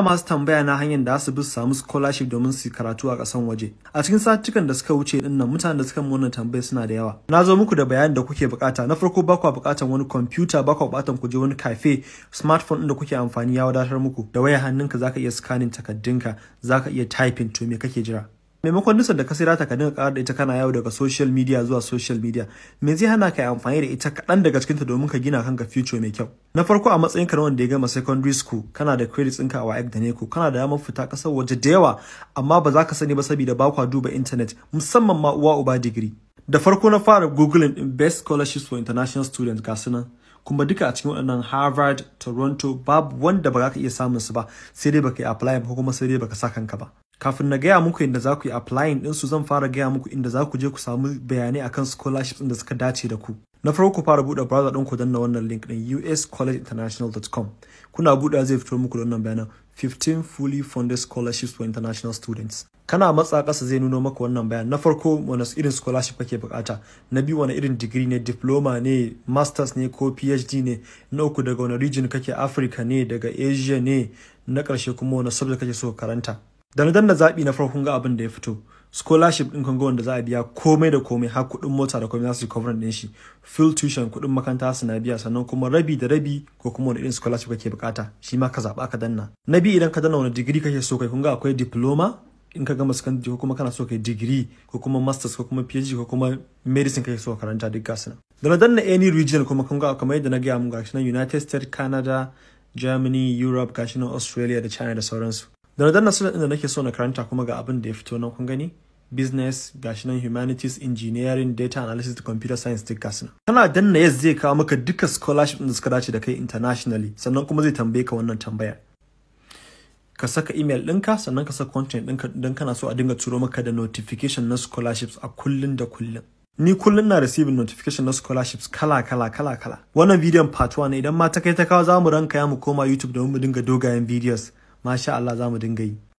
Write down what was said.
masu tambaya na hanyar da su bi samu scholarship domin su karatu a kasan waje. A cikin satukan da suka wuce dinnan mutanen da suka mu wannan tambayar suna da yawa. Na zo muku da bayanin da kuke bukata. Na farko ba ku bukatan wani computer, ba ku bukatan ku je wani cafe, smartphone din da kuke amfani ya wadatar muku. Da waya hannunka zaka iya scanning takaddunka, zaka iya typing to me kake jira. maimakon nisan da ka sai ta ka dinga karar da ita kana yawo daga social media zuwa social media me zai hana ka yi amfani da ita kaɗan daga cikinta domin ka gina kanka future mai kyau na farko a matsayin ka wanda ya gama secondary school kana da credits ɗinka a WAEC da neko kana da damar fita ƙasar waje da yawa amma ba za ka sani ba saboda ba kwa duba internet musamman ma uwa uba digiri da farko na fara googling best scholarships for international students ga sunan kuma duka a cikin waɗannan Harvard, Toronto babu wanda ba ka iya samun su ba sai dai baka yi apply ko kuma sai dai baka sa kanka ba. kafin na gaya muku inda za ku yi applying su zan fara gaya muku inda za ku je ku samu bayanai akan scholarships da suka dace da ku na farko ku fara buɗe browser ɗin ku danna wannan link ɗin uscollegeinternational.com kuna buɗe zai fito muku da wannan bayanan 15 fully funded scholarships for international students kana matsa kasa zai nuno maka wannan bayan na farko wani irin scholarship kake bukata na biyu wani irin degree ne diploma ne masters ne ko phd ne na uku daga wani region kake africa ne daga asia ne na karshe kuma wani subject kake so karanta da na danna zaɓi na farkon ga abin da ya fito scholarship ɗin kango wanda za a biya komai da komai har kuɗin mota da komai za su cover ɗin shi full tuition kuɗin makaranta su na biya sannan kuma rabi da rabi ko kuma wani irin scholarship kake bukata shi ma ka zaɓa ka danna na biyu idan ka danna wani digiri kake so kai kun ga akwai diploma in ka gama sakandare ko kuma kana so kai digiri ko kuma masters ko kuma phd ko kuma medicine kake so karanta duk gasu na da na danna any region kuma kun ga kamar yadda na gaya mun gashi nan united states canada germany europe gashi nan australia da china da sauransu da na danna inda nake so na karanta kuma ga abin da ya fito nan kun gani business gashi nan humanities engineering data analysis da computer science duk gasu kana danna yes zai kawo maka duka scholarship da suka dace da kai internationally sannan kuma zai tambaye ka wannan tambaya ka saka email ɗinka sannan ka saka content ɗinka don kana so a dinga turo maka da notification na scholarships a kullun da kullun ni kullun na receiving notification na scholarships kala kala kala kala wannan bidiyon part 1 idan ma ta kai ta kawo za mu ranka ya mu koma youtube domin mu dinga dogayen videos masha Allah za mu dinga yi